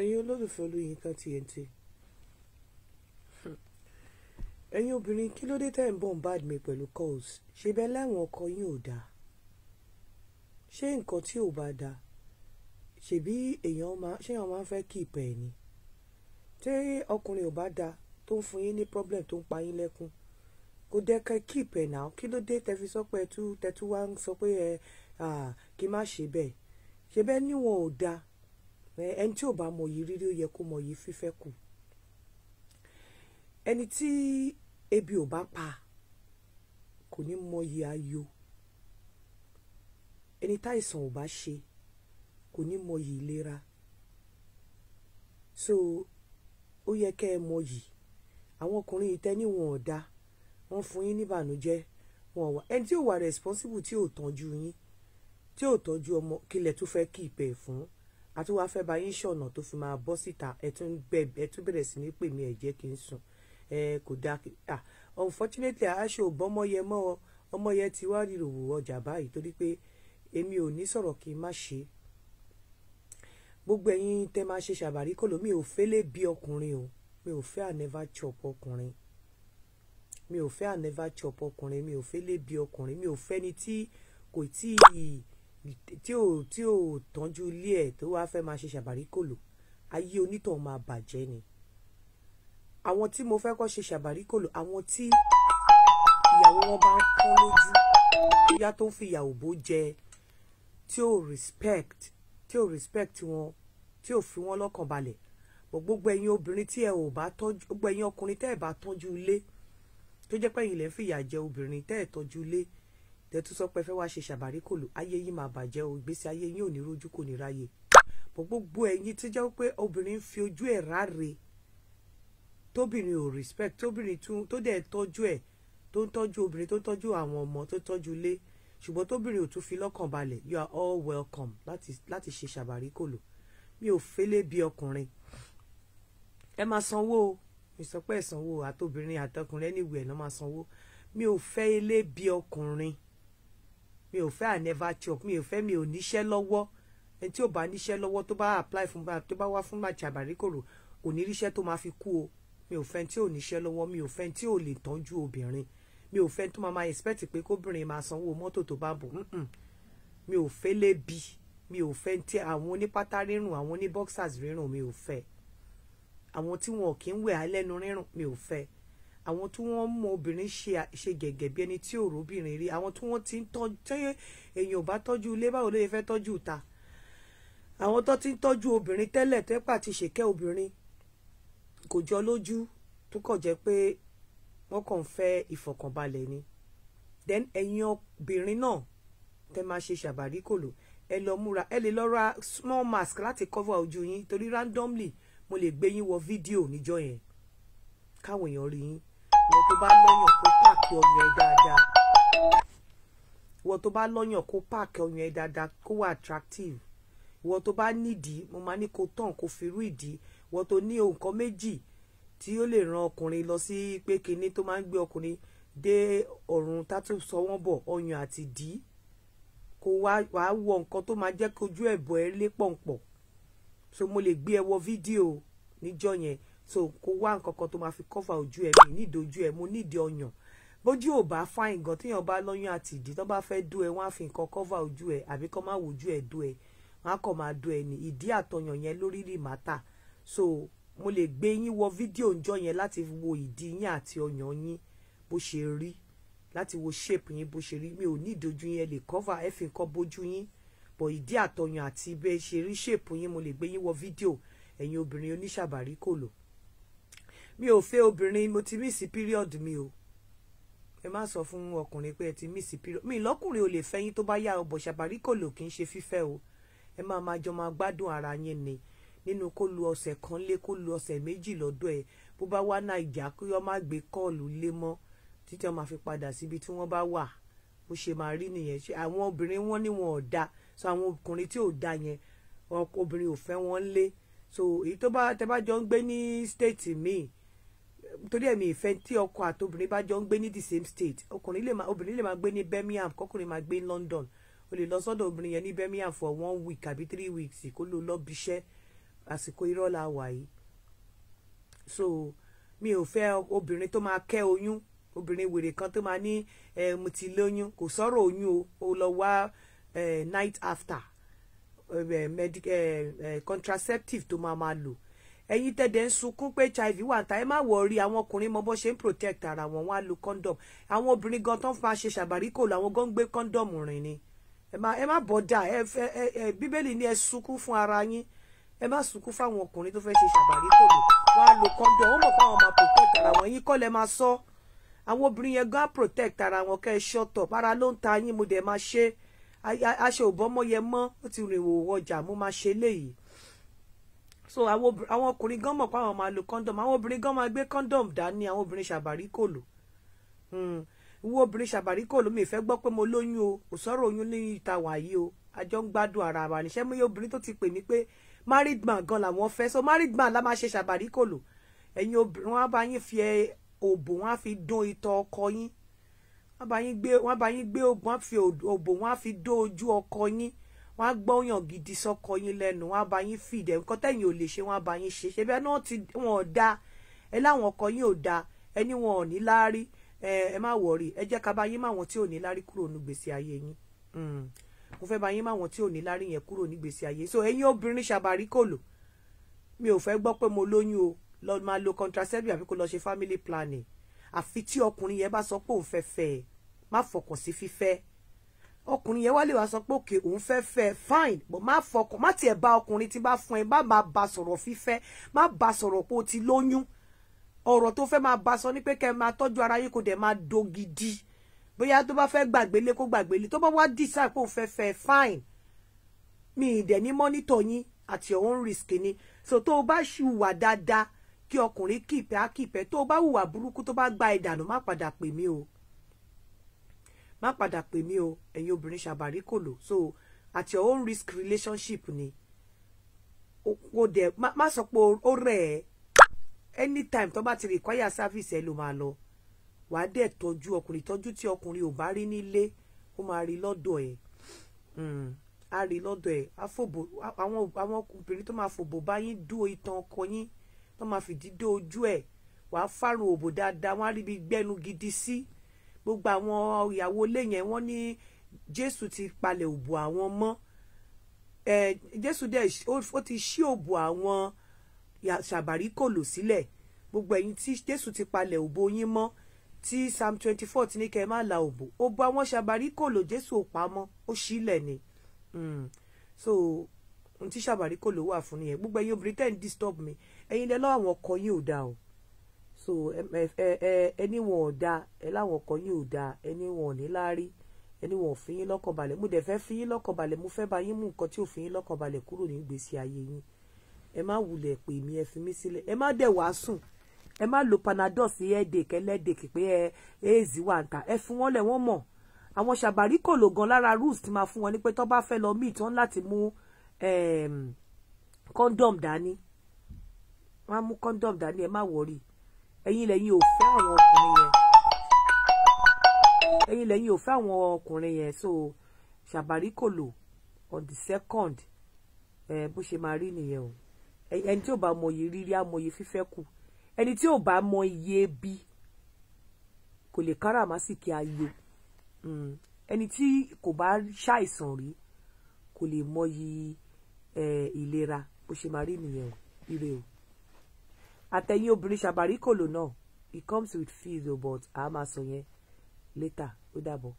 ẹ̀yin olólùfẹ́ Olúyinká TNT ẹ̀yin obìnrin kí ló dé tẹ́ ń bombard mi pẹ̀lú calls ṣe bẹ́ẹ̀ láwọn ọkọ yín ò dáa ṣé nǹkan tí ò bá dáa ṣèbí èèyàn máa ṣé èèyàn máa ń fẹ́ kí ìpẹ́ ẹ̀ ni tí ọkùnrin ò bá dáa tó ń fún yín ní problem tó ń pa yín lẹ́kún kò dẹ́kẹ́ kí ìpẹ́ náà kí ló dé tẹ́fi sọ pé tẹ́tú wá ń sọ pé ẹ kí má ṣe bẹ́ẹ̀ ṣe bẹ́ẹ̀ níwọ̀n ò dáa ẹni tí ò bá mọ yìí rírí ó yẹ kó mọ yìí fífẹ́ kù ẹni tí ebi ò bá pa kò ní mọ yìí ayọ̀ ẹni táìsàn ò bá ṣe kò ní mọ yìí ìlera so ó yẹ kẹ́ ẹ mọ yìí àwọn ọkùnrin yìí tẹ́ ní wọn ò da wọ́n fún yín níbànújẹ́ wọn wà ẹni tí ò wà responsible tí ò tọ́jú yín tí ò tọ́jú ọmọ kílẹ̀ tó fẹ́ kí ìpè fún àti wàá fẹ́ bá yín ṣọ̀nà tó fi máa bọ́ síta ẹ tún bẹ̀rẹ̀ sí ní pè mí ẹ jẹ́ kí n sùn ẹ kò dáa ah unfortunately aṣọ òbọ́mọyẹ mọ́ ọmọyẹ ti wá ríròwò ọjà báyìí torí pé èmi ò ní sọ̀rọ̀ kí n má ṣe gbogbo ẹ̀yin tẹ́ máa ṣe ṣàbàrí kòló mi ò fẹ́ lè bí ọkùnrin o mi ò fẹ́ ànẹ́fà chop ọkùnrin mi ò fẹ́ ànẹ́fà chop ọkùnrin mi ò fẹ́ lè bí ọkùnrin mi ò fẹ́ ni tí kò tí ì tí ò tí ò tọ́jú ilé ẹ̀ tó wáá fẹ́ máa ṣe ṣàbáríkòlò ayé onítàn máa bàjẹ́ ni àwọn tí mo fẹ́ kọ́ ṣe ṣàbáríkòlò àwọn tí ìyàwó wọn bá kọ́ lójú bóyá tó ń fi ìyàwó bó jẹ tí ò respect tí ò respect wọn tí ò fi wọn lọ́kàn balẹ̀ gbogbo ẹ̀yin obìnrin tí ẹ ò bá tọ́jú gbogbo ẹ̀yin ọkùnrin tẹ́ ẹ bá tọ́jú ilé tó jẹ́ pé ẹ̀yin lè ń jẹ obìnrin tẹ́ ẹ tọ́jú ilé tẹ́tú sọ pé fẹ́ wá ṣe ṣàbáríkòlò ayé yìí máa bàjẹ́ o ìgbésí ayé yìí ò ní rojú kò ní ráyè gbogbo ẹ̀yin tó jẹ́ pé obìnrin fi ojú ẹ̀ ráre tóbìnrin ò respect tóbìnrin tó dẹ̀ tọ́jú ẹ̀ tó ń tọ́jú obìnrin tó ń tọ́jú àwọn ọmọ tó tọ́jú ilé ṣùgbọ́n tóbìnrin ò tún fi lọ́kàn balẹ̀ you are all welcome láti láti ṣe ṣàbáríkòlò mi ò fẹ́lẹ́ bí ọkùnrin ẹ máa sanwó o mi sọ pé ẹ sanwó àtobìnrin àtọkùnrin ẹni ìwé ẹ̀ náà máa sanwó mi ò fẹ́ ilé bí ọkùnrin mi ò fẹ́ ànẹ́fà chop mi ò fẹ́ mi ò níṣẹ́ lọ́wọ́ ẹni tí ò bá níṣẹ́ lọ́wọ́ tó bá apply fún tó bá wá fún màjì àbáríkòrò kò ní ríṣẹ́ tó máa fi kú o mi ò fẹ́ tí ò níṣẹ́ lọ́wọ́ mi ò fẹ́ tí ò lè tọ́jú obìnrin mi ò fẹ́ tó máa máa expect pé kóbìnrin máa sanwó mọ́tò tó bá bò mi ò fẹ́ lébi mi ò fẹ́ tí àwọn onípátá rírùn àwọn oní boxers rírùn mi ò fẹ́ àwọn tí wọn kì í wẹ̀ alẹ́nu rírùn mi ò fẹ́ àwọn tí wọ́n mú obìnrin ṣe gẹ́gẹ́ bí ẹni tí òrò obìnrin rí àwọn tí wọ́n ti ń tọ́jú tẹ́yẹ èèyàn ò bá tọ́jú ilé báwo ló yẹ fẹ́ tọ́jú ìta àwọn tó ti ń tọ́jú obìnrin tẹ́lẹ̀ tẹ́pà ti ṣèkẹ́ obìnrin kò jọ lójú tó kàn jẹ́ pé wọ́n kàn ń fẹ́ ìfọ̀kànbalẹ̀ ni then ẹ̀yin obìnrin náà tẹ́ máa ṣe ṣàbàríkòlò ẹ lọ múra ẹ lè lọ ra small mask láti cover ojú yín torí randomly mo lè gbé yín wọ fídíò níjọ́ yẹn káwọn èèyàn rí yín ìwọ tó bá lọ́yàn kó páàkì ọyàn ẹ dáadáa ìwọ tó bá lọ́yàn kó páàkì ọyàn ẹ dáadáa kó wà attractive ìwọ tó bá nídìí mo máa ní kó tán kó fi irú ìdí ìwọ tó ní nǹkan méjì tí ó lè ran ọkùnrin lọ sí pé kinní tó máa ń gbé ọkùnrin dé ọ̀run tátù sọ wọ́n bọ̀ ọyàn àti ìdí kó wàá wọ nǹkan tó máa jẹ́ kojú ẹ̀bọ̀ ẹ lé pọ̀npọ̀ so mo lè gbé ẹ wọ fídíò níjọ́ yẹn so kó wá nǹkan kan tó máa fi cover ojú ẹ mi nídìí ojú ẹ mo nídìí ọyàn bójú ò bá fáìn gan téèyàn bá lọ́yún àti ìdí tó bá fẹ́ dú ẹ wọ́n á fi nǹkan cover ojú ẹ àbí kó má wojú ẹ dú ẹ wọ́n á kàn máa dú ẹ ní ìdí àtọyàn yẹn lórí rí màtà so mo lè gbé yín wọ fídíò ńjọ́ yẹn láti wo ìdí yín àti ọyàn yín bó ṣe rí láti wo shape yín bó ṣe rí mi ò ní ìdojú yín ẹ lè cover ẹ fi nǹkan bójú yín bọ̀ ìdí àtọyàn àti bẹ́ẹ̀ ṣe rí shape yín mo lè gbé yín wọ fídíò ẹ̀yin obìnrin oníṣàbàrí kò lò mi ò fẹ́ obìnrin mo ti mísì period mi o ẹ má sọ fún ọkùnrin pé ẹ ti mísì period mi lọ́kùnrin ò lè fẹ́ yín tó bá yá ọ bọ̀ ṣàbárí kò lò kì í ṣe fífẹ́ o ẹ máa máa jọ máa gbádùn ara yín ni nínú kó lu ọ̀sẹ̀ kan lé kó lu ọ̀sẹ̀ méjì lọ́dọ̀ ẹ bó bá wá náà ìjà kí wọ́n má gbé kọ́ọ̀lù lé mọ́ títí wọ́n máa fi padà síbi tí wọ́n bá wà bó ṣe máa rí nìyẹn ṣe àwọn obìnrin wọn ní wọn ò da so àwọn ọkùnrin tí ò da yẹn obìnrin ò fẹ́ wọn lé so èyí tó bá tẹ bá jọ ń gbé ní stéètì míì torí ẹ̀mí ìfẹ́ tí ọkọ àtobìnrin bá jọ ń gbé ní the same state ọkùnrin lè máa obìnrin lè máa gbé ní Birmingham kọkùnrin máa gbé ní London o lè lọ sọ́dọ̀ obìnrin yẹn ní Birmingham for one week àbí three weeks kó ló lọ bíṣẹ́ àsìkò irọ́ la wà yìí so mi ò fẹ́ obìnrin tó máa kẹ́ oyún obìnrin wèrè kan tó máa ní ẹ mo ti lóyún kò sọ̀rọ̀ oyún o lọ wá night after eh, medic, eh, contraceptive tó máa máa lò ẹ̀yin tẹ̀dẹ̀ ń sunkún pé hiv wà ta ẹ má wọrí àwọn ọkùnrin mọ bó ṣe ń protect ara wọn wọn á lo condom àwọn obìnrin gan tán fa ṣe ṣàbáríkò làwọn gan ń gbé condom rìn ni ẹ má bọ́dà ẹ ẹ bíbélì ni ẹ sunkún fún ara yín ẹ má sunkún fáwọn ọkùnrin tó fẹ́ ṣe ṣàbáríkò lò wọn á lo condom ó mọ̀ fáwọn máa protect ara wọn yín kọ́ lẹ máa sọ àwọn obìnrin yẹn gan protect ara wọn kẹ́ ẹ shut up ara ló ń ta yín mo dẹ̀ máa ṣe aṣọ òbọ́mọ́ yẹ mọ́ ó ti rìn wò ọjà mo máa ṣe léyìí so àwọn ọkùnrin gan mọ̀ pé àwọn máa lo condom àwọn obìnrin gan máa gbé condom dání àwọn obìnrin ṣàbàrí kò lò hmm. wo obìnrin ṣàbàrí kò lò mi ìfẹ́ gbọ́ pé mo lóyún o kò sọ̀rọ̀ oyún ní ìta wàyí o àjọ ń gbádùn ara wa níṣẹ́ mi yóò obìnrin tó ti pè mí pé married man gan làwọn fẹ́ so married man la máa ṣe ṣàbàrí kò lò ẹ̀yin obìnrin wọn á bá yín fi òbò wọn á fi dún itọ́ ọkọ yín wọn bá yín gbé òbò wọn á fi dún ojú ọkọ yín wọ́n á gbọ́yàn gidi sọ́kọ yín lẹ́nu wọ́n á bá yín fìdẹ̀ nǹkan tẹ̀yìn ò lè ṣe wọ́n á bá yín ṣe ṣe bẹ́ẹ̀ náà ti wọn da ẹ láwọn ọkọ yín ò da ẹni wọn ò ní láárí ẹ má wọ̀rí ẹ jẹ́ ká bá yín máwọn tí ò ní láárí kúrò ní gbèsè ayé yín hmm. mo fẹ́ bá yín máwọn tí ò ní láárí yẹn kúrò ní gbèsè ayé so ẹ̀yin obìnrin ṣàbárí kòlò mi ò fẹ́ gbọ́ pé mo lóyún o lọ máa lo contraceptive àbí kó lọ ṣe family planning àfi tí ọkùnrin yẹn bá sọ pé òun fẹ́ fẹ́ ẹ má fọkàn sí fífẹ́ ọkùnrin yẹn wá lè wá sọ pé òkè òun fẹ́ fẹ́ fine but má fọkàn má tiẹ̀ bá ọkùnrin tí bá fún ẹ má má ba sọ̀rọ̀ fífẹ́ má ba sọ̀rọ̀ pé o ti lóyún ọ̀rọ̀ tó fẹ́ máa ba sọ ni pé kẹ́ máa tọ́jú ara yín kò dẹ̀ máa do gidi bóyá tó bá fẹ́ gbàgbélé kó gbàgbélé tó bá wá decide pé òun fẹ́ fẹ́ fine mi ì dẹ̀ ní mọ́nítọ̀ yín at your own risk ni so tó o bá ṣùwà dáadáa kí ọkùnrin kìpẹ́ á kìpẹ́ tó o bá hùwà burúkú tó bá gba ẹ̀dànù má padà pè mí o má padà pè mí o ẹ̀yin obìnrin ṣàbàrí kò lò so at your own risk relationship ni o dẹ̀ má sọ pé ó rẹ̀ ẹ́ anytime tó bá ti require service ẹ ló máa lọ wàá dẹ̀ tọ́jú ọkùnrin ìtọ́jú tí ọkùnrin ò bá rí nílé ó máa rí lọ́dọ̀ ẹ̀ hmm, á rí lọ́dọ̀ ẹ̀ àwọn obìnrin tó máa fòbò bá yín itan ọkọ yín tó máa fìdí dó ojú ẹ̀ wàá fárun òbò dáadáa wọ́n á rí ibi gbẹ́nu gidi sí. Si gbogbo àwọn ìyàwó ilé yẹn wọ́n ní jésù ti palẹ̀ òbò àwọn mọ́ ẹ jésù dẹ̀ ó ti ṣí òbò àwọn ṣàbàrí kòlò sílẹ̀ gbogbo ẹ̀yin tí jésù ti palẹ̀ òbò yín mọ́ tí psalm twenty four ti ní kẹ́ ẹ má la òbò òbò àwọn ṣàbàrí kòlò jésù ò pamọ́ ó ṣílẹ̀ ni hmm. so ohun tí ṣàbàrí kòlò wà fún nìyẹn gbogbo ẹ̀yin obìnrin tẹ́ ń disturb mi ẹ̀yin lẹ́ lọ́wọ́ àwọn ọkọ yín ò dáa o so ẹni wọn ò dáa ẹ láwọn ọkọ yín ò dáa ẹni wọn ò ní láárí ẹni wọn ò fi yín lọ́kàn balẹ̀ mo dẹ̀ fẹ́ fi yín lọ́kàn balẹ̀ mo fẹ́ bá yín mú nǹkan tí ò fi yín lọ́kàn balẹ̀ kúrò ní ìgbésí ayé yín ẹ má wulẹ̀ pè mí ẹ fi mí sílẹ̀ ẹ má dẹ̀ wá sùn ẹ má lo panadol sí ẹ̀ẹ́dẹ̀kẹ́ lẹ́ẹ̀dẹ̀kẹ́ pé ẹ éèzì wà ń ta ẹ fi wọ́n lẹ̀ wọ́n mọ̀ àwọn ṣàbàrí kò lò gan lára rules ti máa fún wọn ní pé tó bá fẹ́ lọ míì tán láti mú condom dání wọ́n á mú condom dání ẹ má wọrí ẹ̀yin lẹ́yìn ò fẹ́ àwọn ọkùnrin yẹn ẹ̀yin lẹ́yìn ò fẹ́ àwọn ọkùnrin yẹn so ṣàbáríkòlò on the second bó ṣe máa rí nìyẹn o ẹni tí ò bá mọ iye rírí amòye fífẹ́ kù ẹni tí ò bá mọ iye bí kò lè káràmásìkí ayé hmm. ẹni tí kò bá ṣàìsàn rí kò lè mọyì ìlera bó ṣe máa rí nìyẹn o ire o àtẹ̀yìn obìnrin ṣàbàríkòlò náà it comes with fees o but a máa sọ yẹn later ó dàbọ̀.